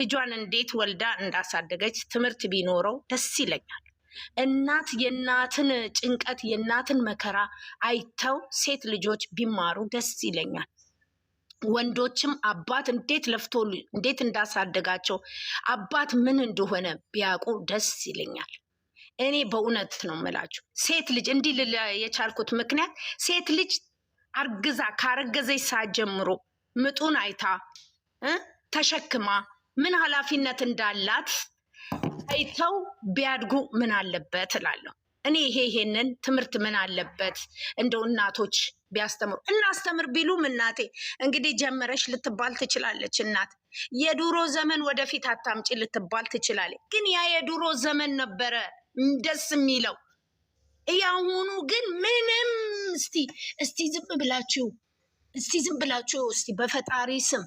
ልጇን እንዴት ወልዳ እንዳሳደገች ትምህርት ቢኖረው ደስ ይለኛል። እናት የእናትን ጭንቀት የእናትን መከራ አይተው ሴት ልጆች ቢማሩ ደስ ይለኛል። ወንዶችም አባት እንዴት ለፍቶ እንዴት እንዳሳደጋቸው አባት ምን እንደሆነ ቢያውቁ ደስ ይለኛል። እኔ በእውነት ነው የምላችሁ። ሴት ልጅ እንዲህ ልል የቻልኩት ምክንያት ሴት ልጅ አርግዛ ካረገዘች ሰዓት ጀምሮ ምጡን አይታ ተሸክማ ምን ኃላፊነት እንዳላት አይተው ቢያድጉ ምን አለበት እላለሁ። እኔ ይሄ ይሄንን ትምህርት ምን አለበት እንደው እናቶች ቢያስተምሩ እናስተምር ቢሉም እናቴ እንግዲህ ጀመረሽ ልትባል ትችላለች። እናት የድሮ ዘመን ወደፊት አታምጪ ልትባል ትችላለች። ግን ያ የድሮ ዘመን ነበረ ደስ የሚለው። እያሁኑ ግን ምንም እስቲ እስቲ ዝም ብላችሁ እስቲ ዝም ብላችሁ እስቲ በፈጣሪ ስም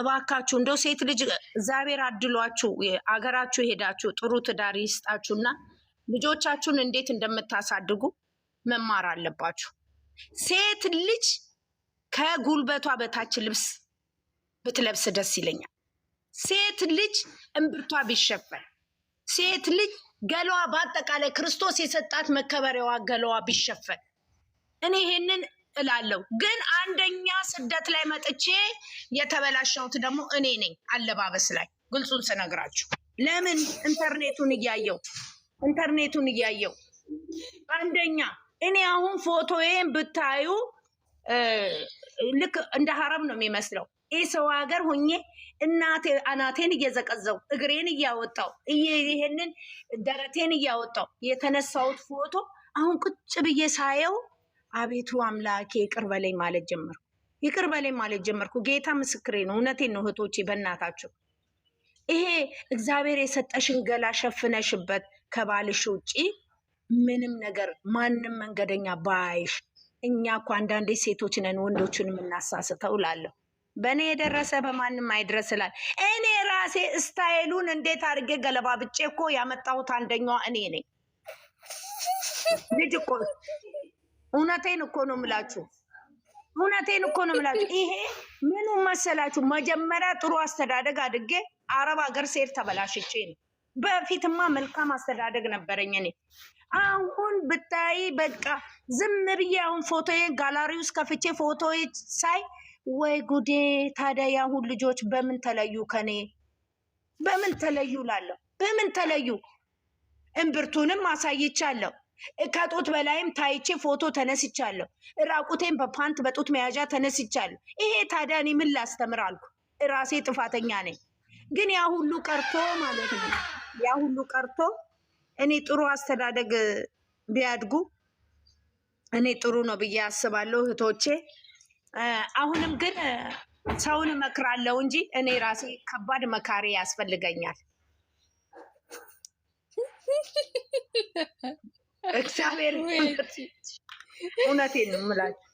እባካችሁ እንደው ሴት ልጅ እግዚአብሔር አድሏችሁ አገራችሁ ሄዳችሁ ጥሩ ትዳር ይስጣችሁና ልጆቻችሁን እንዴት እንደምታሳድጉ መማር አለባችሁ። ሴት ልጅ ከጉልበቷ በታች ልብስ ብትለብስ ደስ ይለኛል። ሴት ልጅ እምብርቷ ቢሸፈን፣ ሴት ልጅ ገለዋ፣ በአጠቃላይ ክርስቶስ የሰጣት መከበሪያዋ ገለዋ ቢሸፈን እኔ ይሄንን እላለሁ። ግን አንደኛ ስደት ላይ መጥቼ የተበላሸሁት ደግሞ እኔ ነኝ። አለባበስ ላይ ግልጹን ስነግራችሁ ለምን ኢንተርኔቱን እያየው ኢንተርኔቱን እያየው አንደኛ እኔ አሁን ፎቶዬን ብታዩ ልክ እንደ ሀረብ ነው የሚመስለው። ይህ ሰው ሀገር ሁኜ እናቴ አናቴን እየዘቀዘው እግሬን እያወጣው ይሄንን ደረቴን እያወጣው የተነሳሁት ፎቶ አሁን ቁጭ ብዬ ሳየው አቤቱ አምላኬ ይቅር በለኝ ማለት ጀመርኩ። ይቅር በለኝ ማለት ጀመርኩ። ጌታ ምስክሬ ነው። እውነቴን ነው እህቶቼ፣ በእናታቸው ይሄ እግዚአብሔር የሰጠሽን ገላ ሸፍነሽበት ከባልሽ ውጪ ምንም ነገር ማንም መንገደኛ ባይሽ። እኛ እኮ አንዳንዴ ሴቶች ነን ወንዶችን የምናሳስተው እላለሁ። በእኔ የደረሰ በማንም አይድረስ እላለሁ። እኔ ራሴ እስታይሉን እንዴት አድርጌ ገለባ ብጬ እኮ ያመጣሁት አንደኛዋ እኔ ነኝ ልጅ እኮ እውነቴን እኮ ነው ምላችሁ እውነቴን እኮ ነው ምላችሁ። ይሄ ምኑ መሰላችሁ? መጀመሪያ ጥሩ አስተዳደግ አድጌ አረብ ሀገር ሴት ተበላሽቼ ነው። በፊትማ መልካም አስተዳደግ ነበረኝ እኔ። አሁን ብታይ በቃ ዝም ብዬ አሁን ፎቶዬ ጋላሪ ውስጥ ከፍቼ ፎቶዬ ሳይ ወይ ጉዴ! ታዲያ ያሁን ልጆች በምን ተለዩ ከኔ በምን ተለዩ ላለሁ በምን ተለዩ? እምብርቱንም አሳይቻለሁ። ከጡት በላይም ታይቼ ፎቶ ተነስቻለሁ። ራቁቴን በፓንት በጡት መያዣ ተነስቻለሁ። ይሄ ታዲያ እኔ ምን ላስተምር አልኩ። ራሴ ጥፋተኛ ነኝ። ግን ያ ሁሉ ቀርቶ ማለት ነው ያ ሁሉ ቀርቶ እኔ ጥሩ አስተዳደግ ቢያድጉ እኔ ጥሩ ነው ብዬ አስባለሁ እህቶቼ። አሁንም ግን ሰውን እመክራለሁ እንጂ እኔ ራሴ ከባድ መካሪ ያስፈልገኛል። እግዚአብሔር እውነቴን ነው የምላችሁ።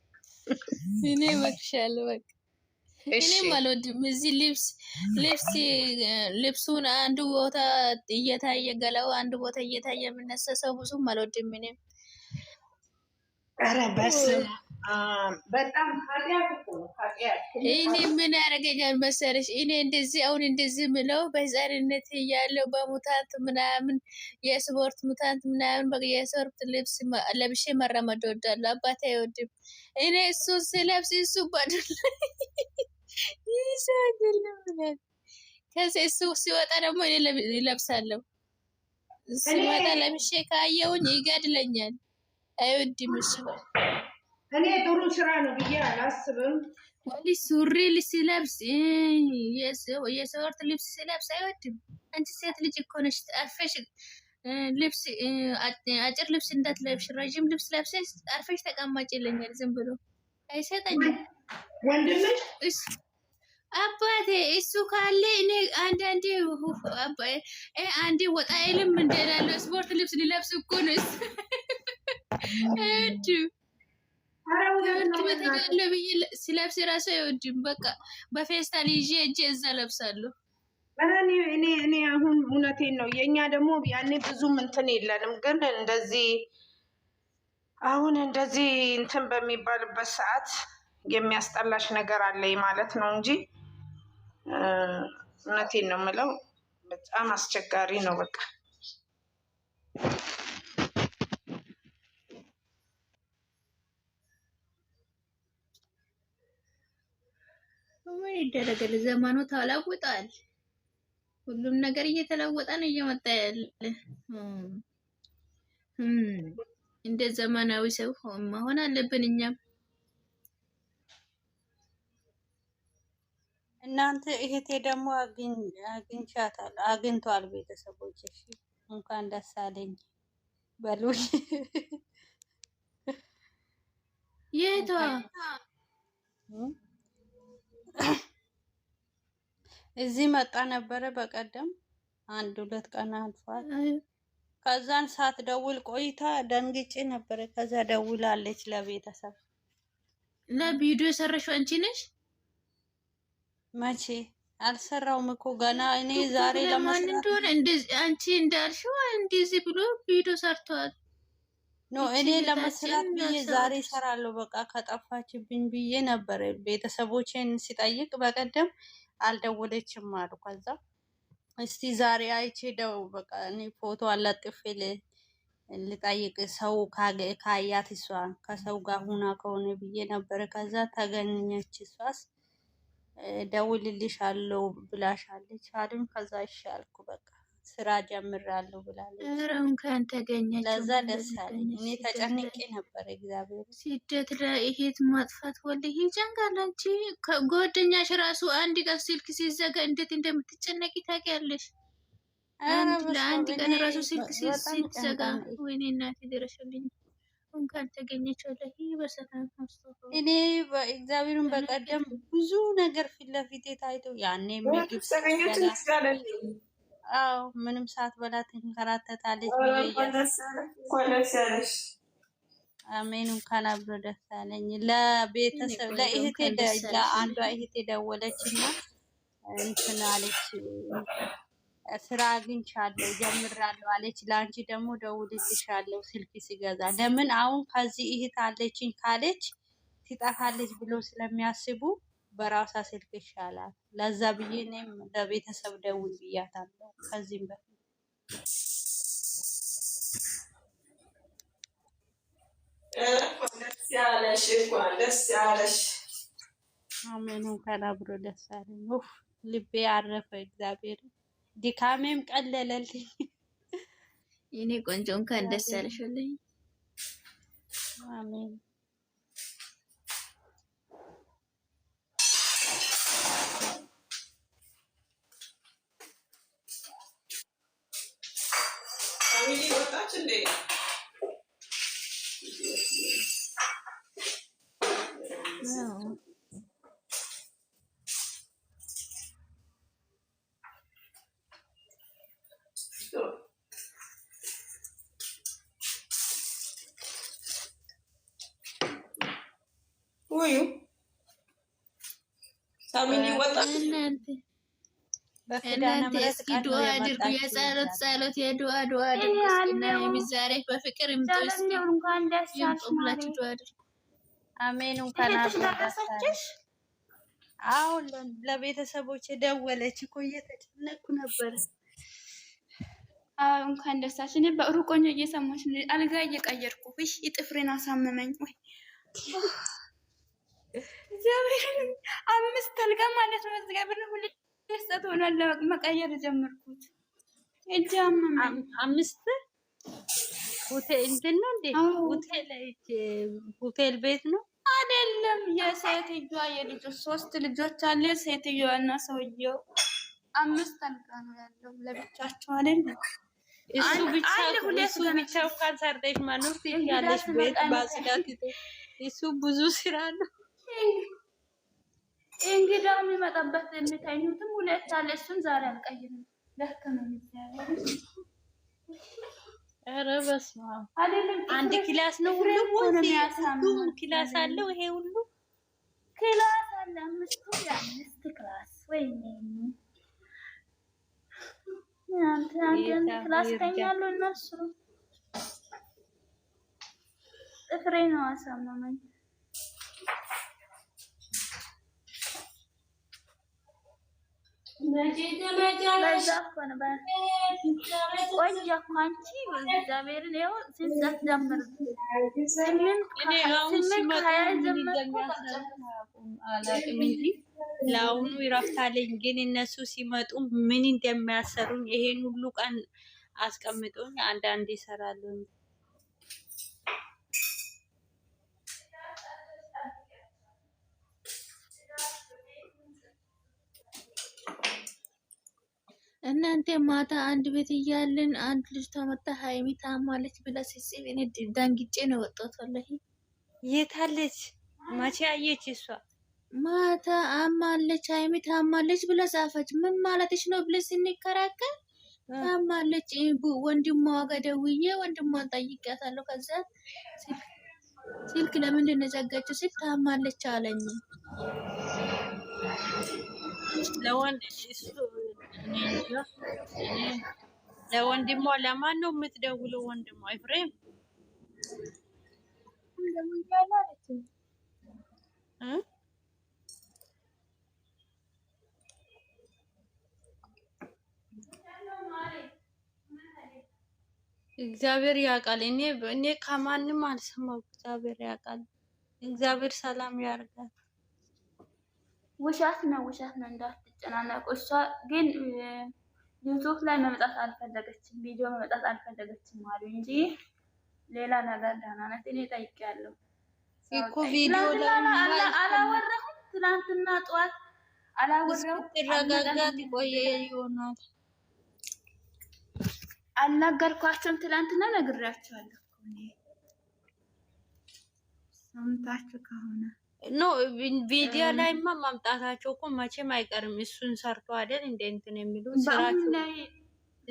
እኔ እመክሻለሁ በቃ እኔም አልወድም። እዚህ ልብስ ልብስ ልብሱን አንድ ቦታ እየታየ ገላው አንድ ቦታ እየታየ የምነሰሰው ብዙም አልወድም እኔም ኧረ በስመ አብ በጣም እኔ ምን ያደረገኛል መሰለሽ? እኔ እንደዚህ አሁን እንደዚህ ምለው በህፃንነት እያለሁ በሙታንት ምናምን የስፖርት ሙታንት ምናምን በቃ የስፖርት ልብስ ለብሼ መራመድ እወዳለሁ። አባቴ አይወድም። እኔ እሱን ስለብስ እሱ ባዱላ ይሳግልምናል። ከዚህ እሱ ሲወጣ ደግሞ እኔ ይለብሳለሁ። ሲወጣ ለብሼ ካየሁኝ ይገድለኛል። አይወድም እሱ እኔ ጥሩ ስራ ነው ብዬ አላስብም። ወንድ ሱሪ ሲለብስ የስፖርት ልብስ ሲለብስ አይወድም። አንቺ ሴት ልጅ እኮ ነሽ አርፈሽ ልብስ አጭር ልብስ እንዳትለብሽ ረዥም ልብስ ለብሰሽ አርፈሽ ተቀማጭ ይለኛል። ዝም ብሎ አይሰጠኝ አባቴ እሱ ካለ እኔ አንዳንዴ አንዴ ወጣ አይልም እንደላለው ስፖርት ልብስ ሊለብስ እኮ ነው ትመጣለህ ብዬ ስለብስ ራሱ አይወድም። በቃ በፌስታል ይዤ እጄ እዛ ለብሳለሁ። እኔ እኔ አሁን እውነቴን ነው። የእኛ ደግሞ ያኔ ብዙም እንትን የለንም፣ ግን እንደዚህ አሁን እንደዚህ እንትን በሚባልበት ሰዓት የሚያስጠላሽ ነገር አለኝ ማለት ነው እንጂ እውነቴን ነው የምለው በጣም አስቸጋሪ ነው በቃ ምን ይደረጋል? ዘመኑ ተለውጧል። ሁሉም ነገር እየተለወጠ ነው እየመጣ ያለ። እንደ ዘመናዊ ሰው መሆን አለብን እኛም። እናንተ እህቴ ደግሞ አግኝቻታል አግኝቷል። ቤተሰቦች እሺ እንኳን ደስ አለኝ በሉኝ። የቷ እዚህ መጣ ነበረ በቀደም አንድ ሁለት ቀን አልፏል። ከዛን ሰዓት ደውል ቆይታ ደንግጬ ነበረ። ከዛ ደውላለች ለቤተሰብ ቪዲዮ የሰራሽው አንቺ ነሽ? መቼ አልሰራውም እኮ ገና እኔ ዛሬ ለማን እንደሆነ አንቺ እንዳልሽው እንደዚህ ብሎ ቪዲዮ ሰርቷል። ኖ እኔ ለመስራት ብዬ ዛሬ ይሰራለሁ በቃ ከጠፋችብኝ ብዬ ነበር። ቤተሰቦቼን ሲጠይቅ በቀደም አልደወለችም አሉ። ከዛ እስቲ ዛሬ አይቼ ደው በቃ እኔ ፎቶ አለጥፌ ልጠይቅ ሰው ካያት እሷ ከሰው ጋር ሁና ከሆነ ብዬ ነበረ። ከዛ ተገኘች። እሷስ ደውልልሻለሁ ብላሻለች አሉኝ። ከዛ ይሻልኩ በቃ ስራ ጀምራለሁ ብላለች። እንኳን ተገኘች። ለዛ ደስ አለኝ። እኔ ተጨንቄ ነበር። እግዚአብሔር ስደት ማጥፋት ወልይ ይጨንቃለች። ጓደኛሽ ራሱ አንድ ቀን ስልክ ሲዘጋ እንዴት እንደምትጨነቂ ታውቂያለሽ? ለአንድ ቀን ራሱ ስልክ ሲዘጋ ወይኔ እናቴ ደረሰልኝ። እንኳን ተገኘች። እኔ እግዚአብሔርን በቀደም ብዙ ነገር ፊት ለፊቴ ያኔ ምግብ አዎ ምንም ሰዓት በላት እንከራተታለች። አሜን። እንኳን አብሮ ደስ አለኝ። ለቤተሰብ ለእህቴ ለአንዷ እህቴ ደወለች እና እንትን አለች ስራ አግኝቻለሁ ጀምራለሁ አለች። ለአንቺ ደግሞ ደውልልሻለሁ ስልክ ሲገዛ። ለምን አሁን ከዚህ እህት አለችኝ ካለች ትጠፋለች ብሎ ስለሚያስቡ በራሷ ስልክ ይሻላል። ለዛ ብዬ እኔም ለቤተሰብ ደውል ብያታለሁ። ከዚህም በፊት ደስ ያለሽ አሜን። ደስ ያለኝ። ኡፍ ልቤ አረፈ። እግዚአብሔር ድካሜም ቀለለልኝ። እኔ ቆንጆ እንኳን ደስ ያለሽልኝ። አሜን No. እናንተ እስኪ ዱአ አድርጉ። የጸሎት ጸሎት የዱአ ዱአ አድርጉ እና የሚዛሬ በፍቅር ይምጡ። እስኪ ሁላችሁ ዱአ አድርጉ። አሜን። እንኳን ደረሳችሽ። አሁን ለቤተሰቦች የደወለች እኮ እየተጨነኩ ነበር። እንኳን ደሳች። እኔ በሩ አልጋ እየቀየርኩ ጥፍሬን አሳመመኝ። ወይ አምስት አልጋ ማለት ነው። እግዚአብሔር ሆኗል። መቀየር ጀመርኩት አምስት እንትን ነው እንዴ? ሆቴል ሆቴል ቤት ነው አይደለም። የሴትዮዋ የልጆ ሶስት ልጆች አለ። ሴትዮዋ እና ሰውየው አምስት አልጋ ነው ያለው ለብቻቸው አይደለም። እሱ ብቻ ብቻ ብቻው ካንሰርዴሽ ማነው ያለሽ ቤት ባስዳት እሱ ብዙ ስራ ነው። እንግዳ የሚመጣበት የሚተኙትም ሁለት አለ። እሱን ዛሬ አልቀይርም ለህክምና ኧረ በስመ አብ አንድ ክላስ ነው ሁሉ ሁሉም ክላስ አለው። ይሄ ሁሉ ክላስ አለ። አምስቱ የአምስት ክላስ ወይ አንተ አንድ ክላስ ተኛሉ እነሱ ጥፍሬ ነው አሳመመኝ። በዛ እኮ ነው ቆንጆ አንቺ እግዚአብሔርን ይኸው ስንት ሰዓት ስምንት ከሀያ አላውቅም ለአሁኑ ይረፍታለኝ። ግን እነሱ ሲመጡ ምን እንደሚያሰሩኝ ይሄን ሁሉ ቀን አስቀምጦኝ አንዳንዴ ይሰራሉ። እናንተ ማታ አንድ ቤት እያለን አንድ ልጅ ተመታ፣ ሀይሚ ታማለች ብላ ሲጽፍ እኔ ዳንግጬ ነው ወጣት። ወላሂ የታለች? መቼ አየች? እሷ ማታ አማለች፣ ሀይሚ ታማለች ብላ ጻፈች። ምን ማለትሽ ነው ብለ ስንከራከር ታማለች፣ ወንድሟ ጋር ደውዬ ወንድሟን ጠይቄያታለሁ። ከዛ ስልክ ለምንድን ነው ዘጋችው? ስልክ ታማለች አለኝ። ለወንድ ለወንድሟ ለማን ነው የምትደውለው? ወንድሟ ኤፍሬም እግዚአብሔር ያውቃል። እኔ እኔ ከማንም አልሰማው። እግዚአብሔር ያውቃል። እግዚአብሔር ሰላም ያርጋል። ውሻት ነው ውሻት ነው እንዳት ስትጨናነቁ እሷ ግን ዩቱብ ላይ መምጣት አልፈለገችም፣ ቪዲዮ መምጣት አልፈለገችም አሉ እንጂ ሌላ ነገር ደህና ናት። እኔ ጠይቄያለሁ እኮ ቪዲዮ አላወራሁም። ትናንትና ጠዋት አላወራሁም። ትረጋጋት ቆየ ይሆናል አልነገርኳቸውም። ትናንትና ነግሬያቸዋለሁ። ሰምታችሁ ከሆነ ኖ ቪዲዮ ላይማ ማምጣታቸው እኮ መቼም አይቀርም። እሱን ሰርቶ አይደል እንደ እንትን የሚሉ ስራቸው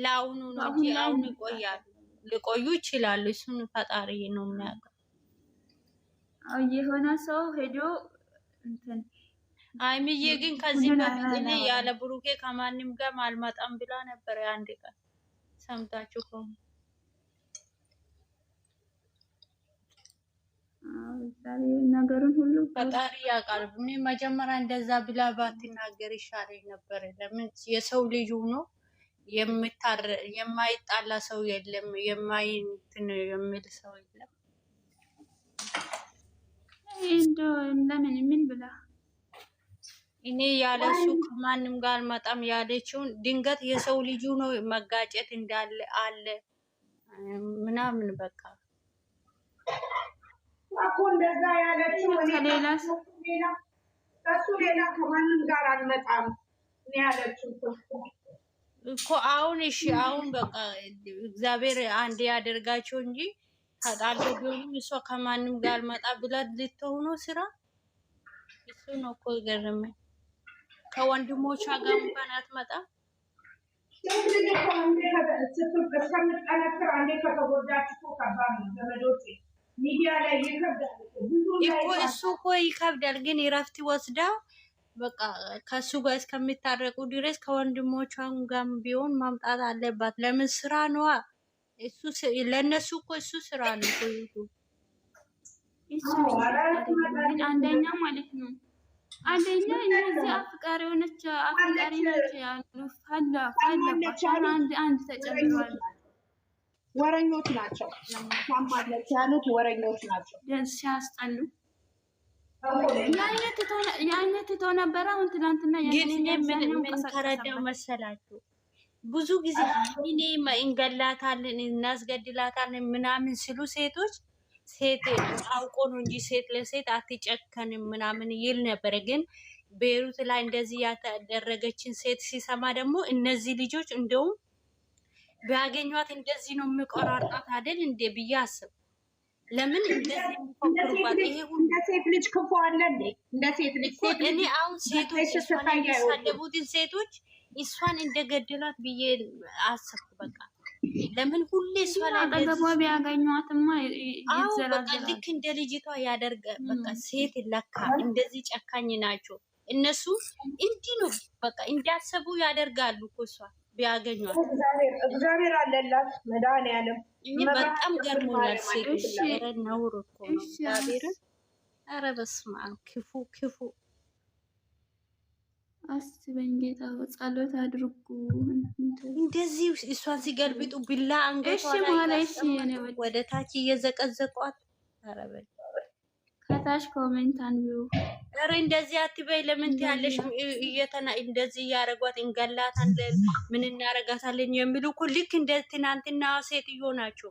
ለአሁኑ ነው እንጂ አሁን ይቆያሉ፣ ሊቆዩ ይችላሉ። እሱን ፈጣሪ ነው የሚያውቀው። የሆነ ሰው ሄዶ እንትን አይምዬ ግን ከዚህ በፊት እኔ ያለ ብሩኬ ከማንም ጋር አልመጣም ብላ ነበር። አንድ ቀን ሰምታችሁ ከሆነ ሁሉ ፈጣሪ ያውቃል። እኔ መጀመሪያ እንደዛ ብላ ባትናገር ይሻለኝ ነበር። ለምን የሰው ልጅ ሆኖ የማይጣላ ሰው የለም፣ የማይትን የሚል ሰው የለም። ለምን ምን ብላ እኔ ያለሱ ከማንም ጋር መጣም ያለችውን ድንገት የሰው ልጅ ሆኖ መጋጨት እንዳለ አለ ምናምን በቃ እኮ እንደዛ ያለችው እሱ ሌላ ከማንም ጋር አልመጣም ያለችው እኮ አሁን እሺ፣ አሁን በቃ እግዚአብሔር አንድ ያደርጋቸው እንጂ ታጣሉ ቢሆንም እሷ ከማንም ጋር አልመጣ ብላ ልትሆኖ ስራ እሱ ነው እኮ የገረመኝ። ከወንድሞቿ ጋር እንኳን አትመጣም። እስከምትጠነክር አንዴ ከተጎዳች እኮ ከባድ ነው ዘመዶቼ እኮ እሱ እኮ ይከብዳል፣ ግን እረፍት ወስዳ በቃ ከእሱ ጋር እስከሚታረቁ ድረስ ከወንድሞቿን ጋር ቢሆን ማምጣት አለባት። ለምን ስራ ነዋ፣ ለእነሱ እኮ እሱ ስራ ነው። አንደኛ ማለት ነው። አንደኛ እነዚህ አፍቃሪ የሆነች አፍቃሪ ነች ያሉ አንድ አንድ ተጨምሯል ወረኞች ናቸው። ታማለች ያሉት ወረኞች ናቸው። ሲያስጠሉ ያኔ ትተው ነበረ። አሁን ትናንትና ግን እኔ ምን ተረዳው መሰላችሁ? ብዙ ጊዜ እኔ እንገላታለን፣ እናስገድላታለን ምናምን ሲሉ ሴቶች ሴት አውቆ ነው እንጂ ሴት ለሴት አትጨከንም ምናምን ይል ነበረ ግን ቤሩት ላይ እንደዚህ ያደረገችን ሴት ሲሰማ ደግሞ እነዚህ ልጆች እንደውም ቢያገኟት እንደዚህ ነው የሚቆራርጣት አይደል እንዴ ብዬ አስብ። ለምን እንደዚህ እንደ ሴት ልጅ ክፉ አለ እንዴ? እንደ ሴት ልጅ እኔ አሁን ሴቶች እሷን የሚሳደቡትን ሴቶች እሷን እንደገደሏት ብዬ አሰብኩ። በቃ ለምን ሁሌ እሷ ላይ ቢያገኟትማ ልክ እንደ ልጅቷ ያደርገ በቃ ሴት ለካ እንደዚህ ጨካኝ ናቸው እነሱ። እንዲህ ነው በቃ እንዲያሰቡ ያደርጋሉ እኮ ቢያገኟት እግዚአብሔር አለላት። መድኃኒዓለም እኔ በጣም ገርሞኛል። ሴቶች ነውር እኮ ነው። እግዚአብሔርን ኧረ በስመ አብ ክፉ ክፉ አስበኝ ጌታ ጸሎት አድርጉ። እንደዚህ እሷን ሲገልብጡ ቢላ አንገቷ ወደ ታች እየዘቀዘቋት። ከታች ኮሜንት አንብቡ። ኧረ እንደዚህ አትበይ። ለምን ትያለሽ? እየተና እንደዚህ እያረጓት እንገላታለን፣ ምን እናረጋታለን የሚሉ እኮ ልክ እንደ ትናንትና ሴትዮ ናቸው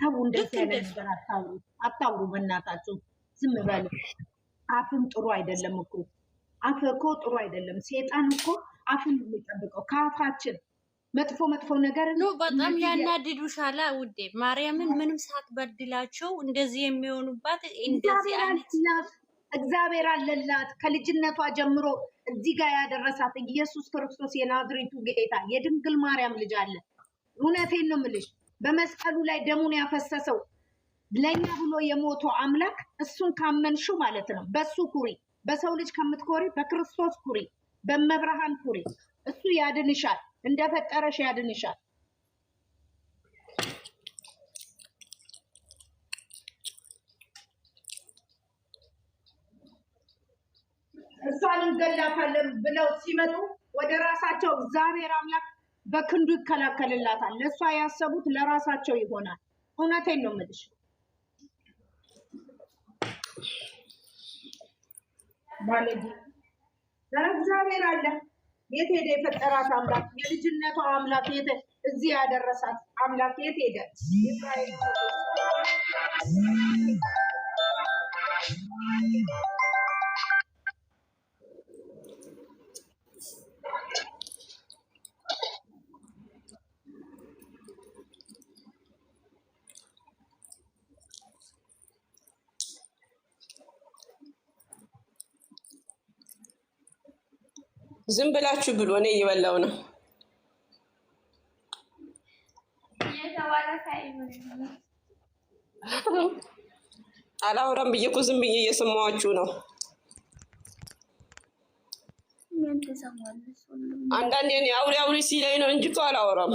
ተው እንደዚህ ያለ ነገር አታውሩ፣ አታውሩ በእናታችሁ ዝም በሉ። አፍም ጥሩ አይደለም እኮ አፍ እኮ ጥሩ አይደለም። ሴጣን እኮ አፍን የሚጠብቀው ከአፋችን መጥፎ መጥፎ ነገር ነው። በጣም ያናድዱሻላ ውዴ። ማርያምን ምንም ሳትበድላቸው እንደዚህ የሚሆኑባት እንደዚህ አይነት እግዚአብሔር አለላት። ከልጅነቷ ጀምሮ እዚህ ጋር ያደረሳት ኢየሱስ ክርስቶስ የናዝሬቱ ጌታ የድንግል ማርያም ልጅ አለ። እውነቴን ነው የምልሽ፣ በመስቀሉ ላይ ደሙን ያፈሰሰው ለእኛ ብሎ የሞተው አምላክ እሱን ካመንሹ ማለት ነው። በሱ ኩሪ፣ በሰው ልጅ ከምትኮሪ በክርስቶስ ኩሪ፣ በመብርሃን ኩሪ። እሱ ያድንሻል፣ እንደፈጠረሽ ያድንሻል። እሷን እንገላታለን ብለው ሲመጡ ወደ ራሳቸው እግዚአብሔር አምላክ በክንዱ ይከላከልላታል። ለእሷ ያሰቡት ለራሳቸው ይሆናል። እውነቴን ነው የምልሽ። ባለጌ እግዚአብሔር አለ። የት ሄደ የፈጠራት አምላክ፣ የልጅነቷ አምላክ፣ እዚህ ያደረሳት አምላክ የት ሄደ? ዝም ብላችሁ ብሎ እኔ እየበላው ነው። አላውራም ብዬ እኮ ዝም ብዬ እየሰማኋችሁ ነው። አንዳንዴ እኔ አውሪ አውሪ ሲለኝ ነው እንጂ እኮ አላወራም።